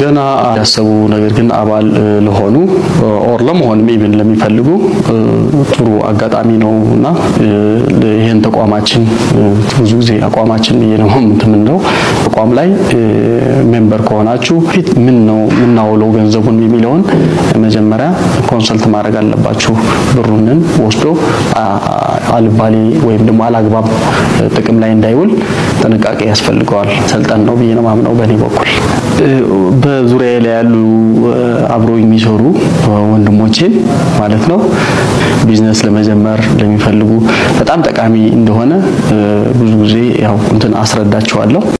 ገና ያሰቡ ነገር ግን አባል ለሆኑ ኦር ለመሆን ኢቭን ለሚፈልጉ ጥሩ አጋጣሚ ነው እና ይህን ተቋማችን ብዙ ጊዜ አቋማችን የነው ነው ተቋም ላይ ሜምበር ከሆናችሁ ፊት ምን ነው የምናውለው ገንዘቡን የሚለውን መጀመሪያ ኮንሰልት ማድረግ አለባችሁ። ብሩንን ወስዶ አልባሌ ወይም ደግሞ አላግባብ ጥቅም ላይ እንዳይውል ጥንቃቄ ያስፈልገዋል። ሰልጠን ነው ብዬ ነው ማምነው በእኔ በኩል። ያሉ አብሮ የሚሰሩ ወንድሞችን ማለት ነው ቢዝነስ ለመጀመር ለሚፈልጉ በጣም ጠቃሚ እንደሆነ ብዙ ጊዜ ያው እንትን አስረዳቸዋለሁ።